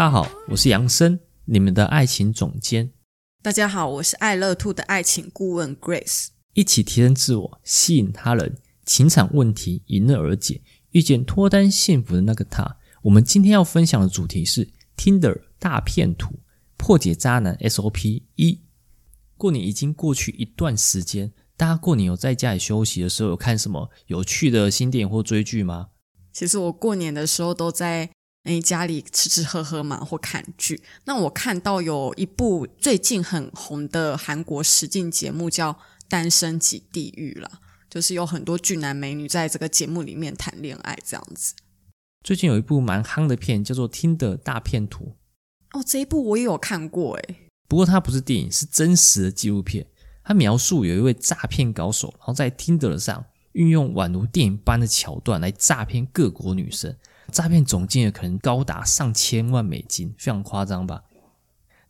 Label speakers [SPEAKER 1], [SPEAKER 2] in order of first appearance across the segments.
[SPEAKER 1] 大家好，我是楊森，你們的愛情總監。
[SPEAKER 2] 大家好，我是愛樂兔的愛情顧問 Grace。
[SPEAKER 1] 一起提升自我，吸引他人，情場問題迎刃而解，遇見脫單幸福的那個他。我們今天要分享的主題是 Tinder 大騙徒，破解渣男 SOP1。過年已經過去一段時間，大家過年有在家裡休息的時候有看什麼有趣的新電影或追劇嗎？
[SPEAKER 2] 其實我過年的時候都在。哎、欸，家裡吃吃喝喝嘛，或看劇。那我看到有一部最近很紅的韓國實境節目，叫《單身即地獄》啦。就是有很多俊男美女在這個節目裡面談戀愛這樣子。
[SPEAKER 1] 最近有一部蠻夯的片，叫做《Tinder 大騙徒》
[SPEAKER 2] 哦，這一部我也有看過哎，
[SPEAKER 1] 不過它不是電影，是真實的紀錄片。它描述有一位詐騙高手，然後在 Tinder 上運用宛如電影般的橋段來詐騙各國女生。詐騙總金額可能高達上千萬美金，非常誇張吧？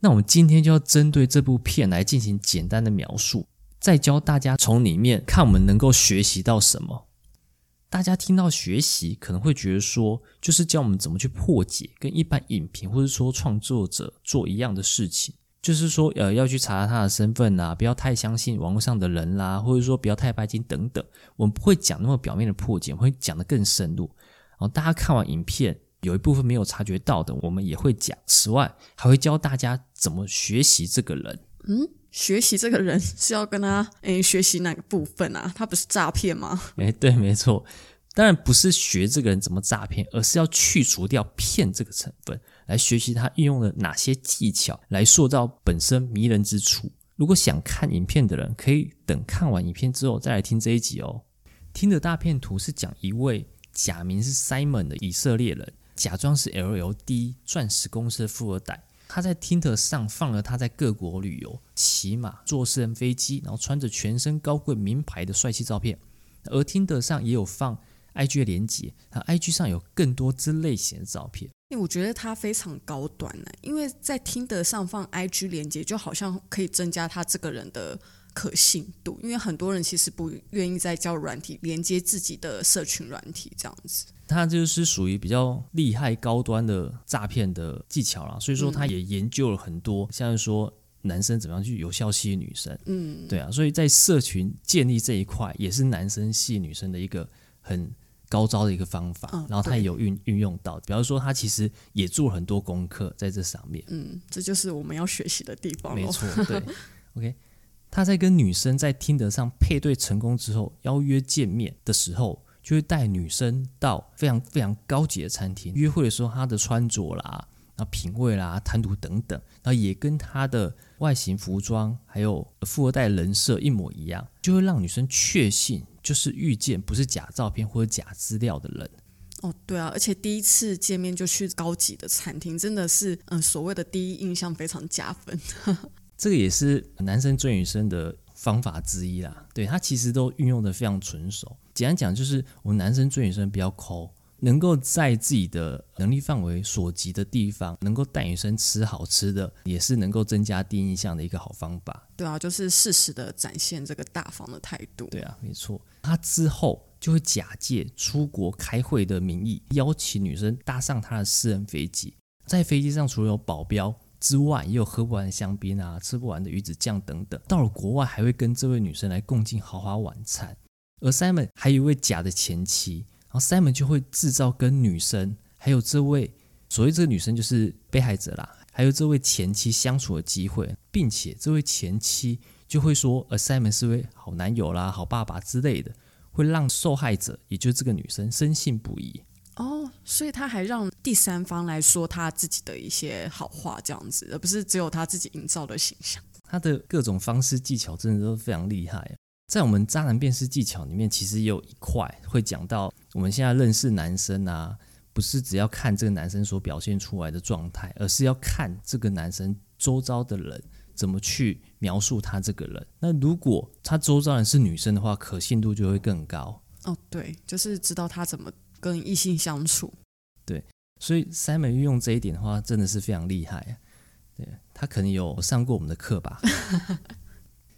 [SPEAKER 1] 那我們今天就要針對這部片來進行簡單的描述，再教大家從裡面看我們能夠學習到什麼。大家聽到「學習」可能會覺得說，就是教我們怎麼去破解，跟一般影評或者說創作者做一樣的事情，就是說呃要去查查他的身份啊，不要太相信網絡上的人啦，啊，或者說不要太拜金等等。我們不會講那麼表面的破解，我們會講得更深入。然後大家看完影片，有一部分沒有察覺到的，我們也會講。此外，還會教大家怎麼學習這個人。嗯，
[SPEAKER 2] 學習這個人是要跟他誒學習哪個部分啊？他不是詐騙嗎？
[SPEAKER 1] 沒對，沒錯。當然不是學這個人怎麼詐騙，而是要去除掉騙這個成分，來學習他運用了哪些技巧來塑造本身迷人之處。如果想看影片的人，可以等看完影片之後再來聽這一集哦。Tinder 大騙徒是講一位，假名是 Simon 的以色列人，假裝是 LLD 鑽石公司的富二代。他在 Tinder 上放了他在各國旅遊、騎馬、坐私人飛機，然後穿着全身高貴名牌的帥氣照片。而 Tinder 上也有放 IG 的鏈接，那 IG 上有更多之類型的照片。
[SPEAKER 2] 因我覺得他非常高端呢、啊，因為在 Tinder 上放 IG 連接，就好像可以增加他這個人的。可信度，因為很多人其實不願意在交軟體連接自己的社群軟體這樣子。
[SPEAKER 1] 他就是屬於比較厲害高端的詐騙的技巧了，所以說他也研究了很多，嗯、像是說男生怎麼樣去有效吸引女生，嗯，對啊，所以在社群建立這一塊也是男生吸引女生的一個很高招的一個方法，嗯、然後他也有運運用到，比方說他其實也做了很多功課在這上面，嗯，
[SPEAKER 2] 這就是我們要學習的地方，沒錯，對
[SPEAKER 1] ，OK。他在跟女生在聽得上配對成功之後，邀約見面的時候，就會帶女生到非常非常高級的餐廳約會的時候，他的穿着啦、然後品味啦、談吐等等，那也跟他的外形、服裝還有富二代人設一模一樣，就會讓女生確信就是遇見不是假照片或者假資料的人。
[SPEAKER 2] 哦，對啊，而且第一次見面就去高級的餐廳，真的是，嗯、呃，所謂的第一印象非常加分。
[SPEAKER 1] 這個也是男生追女生的方法之一啦，對，他其實都運用得非常純熟。簡單講，就是我們男生追女生比較摳，能夠在自己的能力範圍所及的地方，能夠帶女生吃好吃的，也是能夠增加第一印象的一個好方法。
[SPEAKER 2] 對啊，就是適時的展現這個大方的態度。對
[SPEAKER 1] 啊，沒錯。他之後就會假借出國開會的名義，邀請女生搭上他的私人飛機，在飛機上除了有保鏢。之外，也有喝不完的香檳啊，吃不完的魚子醬等等。到了國外，還會跟這位女生來共進豪華晚餐。而 Simon 還有一位假的前妻，然後 Simon 就會製造跟女生，還有這位所謂這個女生就是被害者啦，還有這位前妻相處的機會，並且這位前妻就會說，而 Simon 是位好男友啦、好爸爸之類的，會讓受害者也就是這個女生深信不疑。
[SPEAKER 2] 哦、oh,，所以他還讓第三方來說他自己的一些好話，這樣子，而不是只有他自己營造的形象。
[SPEAKER 1] 他的各種方式技巧真的都非常厲害。在我們渣男辨識技巧裡面，其實也有一塊會講到，我們現在認識男生啊，不是只要看這個男生所表現出來的狀態，而是要看這個男生周遭的人怎麼去描述他這個人。那如果他周遭人是女生的話，可信度就會更高。
[SPEAKER 2] 哦、oh,，對，就是知道他怎麼。跟異性相處，
[SPEAKER 1] 對，所以 Simon 運用這一點的話，真的是非常厲害。對，他可能有上過我們的課吧。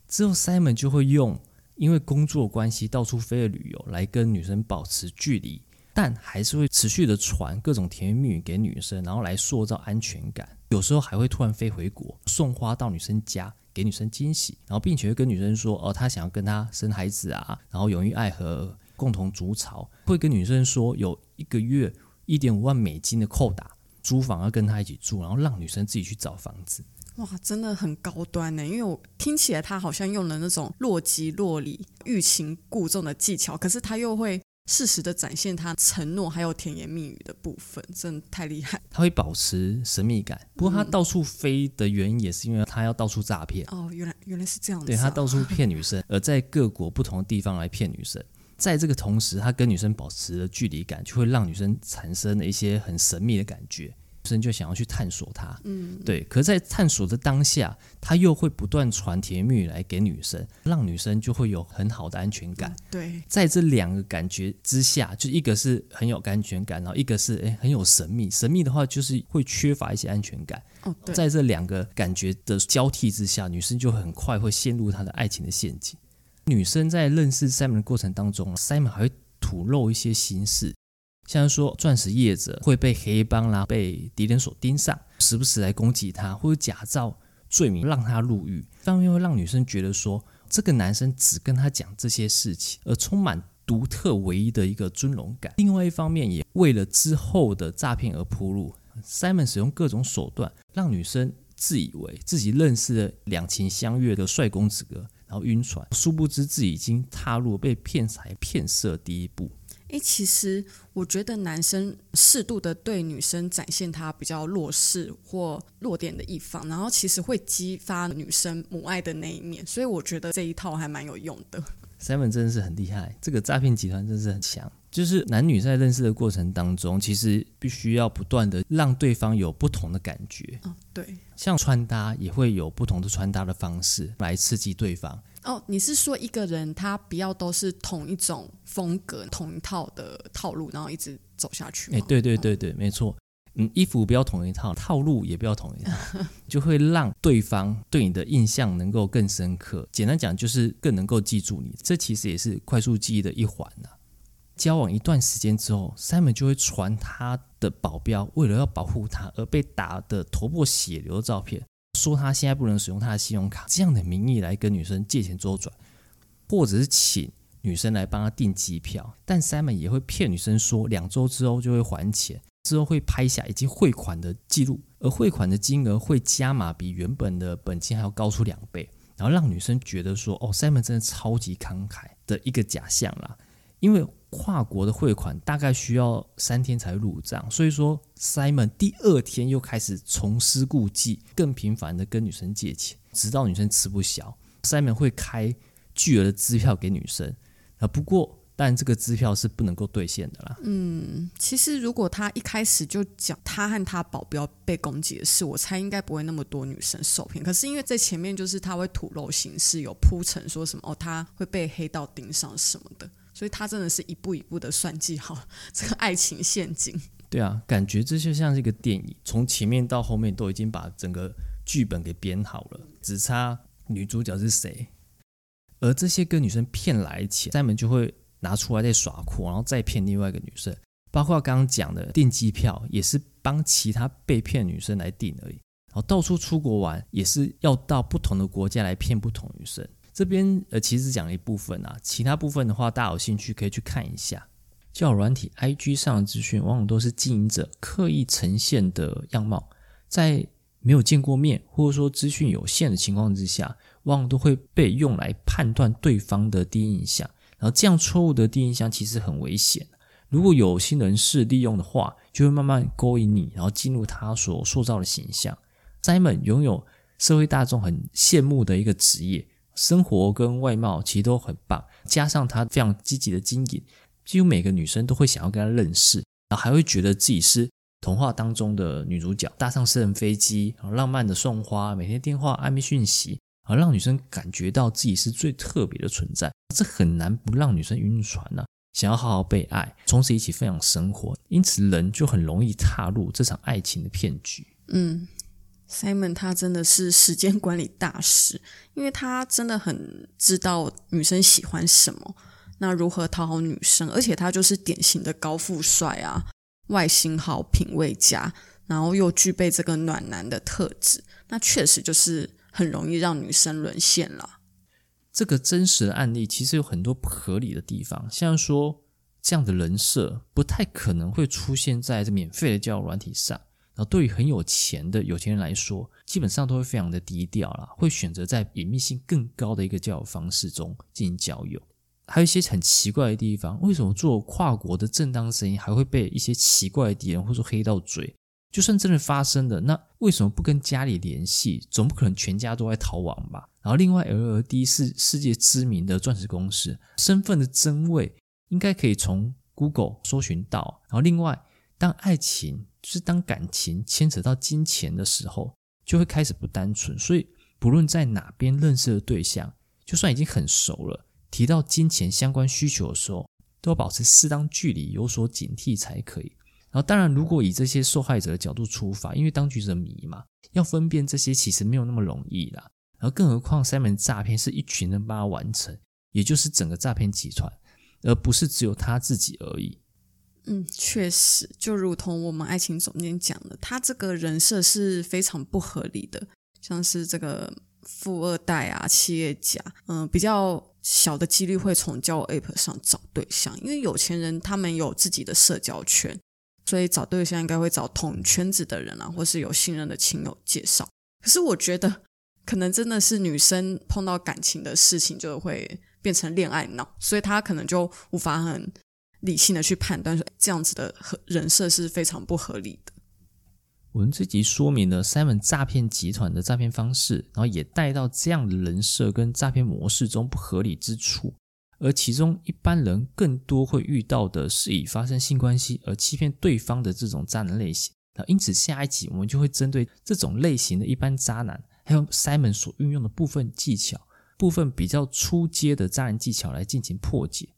[SPEAKER 1] 之後 Simon 就會用因為工作關係到處飛的旅遊來跟女生保持距離，但還是會持續的傳各種甜言蜜語給女生，然後來塑造安全感。有時候還會突然飛回國送花到女生家，給女生驚喜，然後並且會跟女生說：“哦，他想要跟她生孩子啊，然後永浴愛河。”共同築巢，會跟女生說有一個月一點五萬美金的扣打，租房要跟她一起住，然後讓女生自己去找房子。
[SPEAKER 2] 哇，真的很高端呢！因為我聽起來他好像用了那種若即若離、欲擒故縱的技巧，可是他又會適時地展現他承諾還有甜言蜜語的部分，真的太厲害。
[SPEAKER 1] 他會保持神秘感，不過他到處飛的原因也是因為他要到處詐騙。
[SPEAKER 2] 嗯。哦，原來原來是這樣子啊。對，他到處騙
[SPEAKER 1] 女生，而在各國不同的地方來騙女生。在這個同時，他跟女生保持了距離感，就會讓女生產生了一些很神秘的感覺，女生就想要去探索他。嗯，對。可，在探索的當下，他又會不斷傳甜言蜜語來給女生，讓女生就會有很好的安全感。嗯。對，在這兩個感覺之下，就一個是很有安全感，然後一個是誒，很有神秘。神秘的話，就是會缺乏一些安全感。哦。在這兩個感覺的交替之下，女生就很快會陷入他的愛情的陷阱。女生在認識 Simon 的過程當中，Simon 還會吐露一些心事，像是說鑽石業者會被黑幫啦、被敵人所盯上，時不時來攻擊他，或者假造罪名讓他入獄。一方面會讓女生覺得說這個男生只跟他講這些事情，而充滿獨特、唯一的一個尊榮感。另外一方面也為了之後的詐騙而鋪路。Simon 使用各種手段讓女生自以為自己認識了兩情相悅的帥公子哥。然後暈船，殊不知自己已經踏入被騙財騙色第一步。
[SPEAKER 2] 誒，其實我覺得男生適度的對女生展現他比較弱勢或弱點的一方，然後其實會激發女生母愛的那一面，所以我覺得這一套還蠻有用的。
[SPEAKER 1] 賽門真的是很厲害，這個詐騙集團真的是很強。就是男女在認識的過程當中，其實必須要不斷的讓對方有不同的感覺。哦，對，像穿搭也會有不同的穿搭的方式來刺激對方。
[SPEAKER 2] 哦，你是說一個人他不要都是同一種風格、同一套的套路，然後一直走下去嗎？欸、對
[SPEAKER 1] 對對對，嗯，沒錯。嗯，衣服不要同一套，套路也不要同一
[SPEAKER 2] 套，
[SPEAKER 1] 就會讓對方對你的印象能夠更深刻。簡單講，就是更能夠記住你。這其實也是快速記憶的一環啊。交往一段時間之後，Simon 就會傳他的保鏢為了要保護他而被打得頭破血流的照片，說他現在不能使用他的信用卡，這樣的名義來跟女生借錢周轉，或者是請女生來幫他訂機票。但 Simon 也會騙女生說兩周之後就會還錢。之後會拍下以及匯款的記錄，而匯款的金額會加碼，比原本的本金還要高出兩倍，然後讓女生覺得說，哦，Simon 真的超級慷慨的一個假象啦。因為跨國的匯款大概需要三天才入賬，所以說 Simon 第二天又開始重施故技，更頻繁地跟女生借錢，直到女生吃不消，Simon 會開巨額的支票給女生。啊，不過。但這個支票是不能夠兌現的啦。嗯、
[SPEAKER 2] 啊,其實如果他一開始就講他和他保鏢被攻擊的事，我猜應該不會那麼多女生受騙。可是因為在前面就是他會吐露心事，有鋪陳說什麼哦，他會被黑道盯上什麼的，所以他真的是一步一步的算計好這個愛情陷阱。
[SPEAKER 1] 對啊，感覺這就像是一個電影，從前面到後面都已經把整個劇本給編好了，只差女主角是誰。而這些跟女生騙來錢，他們就會拿出來再耍酷，然後再騙另外一個女生，包括剛剛講的訂機票也是幫其他被騙的女生來訂而已，然後到處出國玩也是要到不同的國家來騙不同女生。這邊呃其實講了一部分啊，其他部分的話，大家有興趣可以去看一下。交友軟體 IG 上的資訊，往往都是經營者刻意呈現的樣貌，在沒有見過面或者說資訊有限的情況之下，往往都會被用來判斷對方的第一印象。然後這樣錯誤的第一印象其實很危險，如果有心人士利用的話，就會慢慢勾引你，然後進入他所塑造的形象。賽門擁有社會大眾很羨慕的一個職業，生活跟外貌其實都很棒，加上他非常積極的經營，幾乎每個女生都會想要跟他認識，然後還會覺得自己是童話當中的女主角，搭上私人飛機，然後浪漫的送花，每天電話曖昧訊息。而讓女生感覺到自己是最特別的存在，這很難不讓女生暈船呢，啊。想要好好被愛，從此一起分享生活，因此人就很容易踏入這場愛情的騙局。
[SPEAKER 2] 嗯，Simon 他真的是時間管理大師，因為他真的很知道女生喜歡什麼，那如何討好女生，而且他就是典型的高富帥啊，外形好，品味佳，然後又具備這個暖男的特質，那確實就是。很容易讓女生淪陷了。
[SPEAKER 1] 這個真實的案例其實有很多不合理的地方，像說這樣的人設不太可能會出現在這免費的交友軟體上。然後對於很有錢的有錢人來說，基本上都會非常的低調啦，會選擇在隱祕性更高的一個交友方式中進行交友。還有一些很奇怪的地方，為什麼做跨國的正當生意還會被一些奇怪的敵人或者說黑到嘴？就算真的發生了，那為什麼不跟家裡聯繫？總不可能全家都在逃亡吧？然後，另外 LLD 是世界知名的鑽石公司，身份的真偽應該可以從 Google 搜尋到。然後，另外，當愛情，就是當感情牽扯到金錢的時候，就會開始不單純。所以，不論在哪邊認識的對象，就算已經很熟了，提到金錢相關需求的時候，都要保持適當距離，有所警惕才可以。然後，當然，如果以這些受害者的角度出發，因為當局者迷嘛，要分辨這些其實沒有那麼容易啦。而更何況三 n 詐騙是一群人幫他完成，也就是整個詐騙集團，而不是只有他自己而已。
[SPEAKER 2] 嗯，確實，就如同我們愛情總監講的，他這個人設是非常不合理的，像是這個富二代啊，企業家，嗯，比較小的幾率會從交友 App 上找對象，因為有錢人他們有自己的社交圈。所以找對象應該會找同圈子的人啊，或是有信任的親友介紹。可是我覺得，可能真的是女生碰到感情的事情，就會變成戀愛腦，所以她可能就無法很理性的去判斷說，這樣子的人設是非常不合理的。
[SPEAKER 1] 我們這集說明了賽門詐騙集團的詐騙方式，然後也帶到這樣的人設跟詐騙模式中不合理之處。而其中一般人更多會遇到的是以發生性關係而欺騙對方的這種渣男類型。那因此下一集我們就會針對這種類型的一般渣男，還有 Simon 所運用的部分技巧、部分比較初階的渣男技巧來進行破解。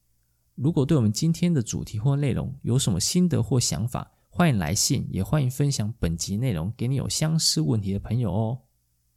[SPEAKER 1] 如果對我們今天的主題或內容有什麼心得或想法，歡迎來信，也歡迎分享本集內容給你有相似問題的朋友哦。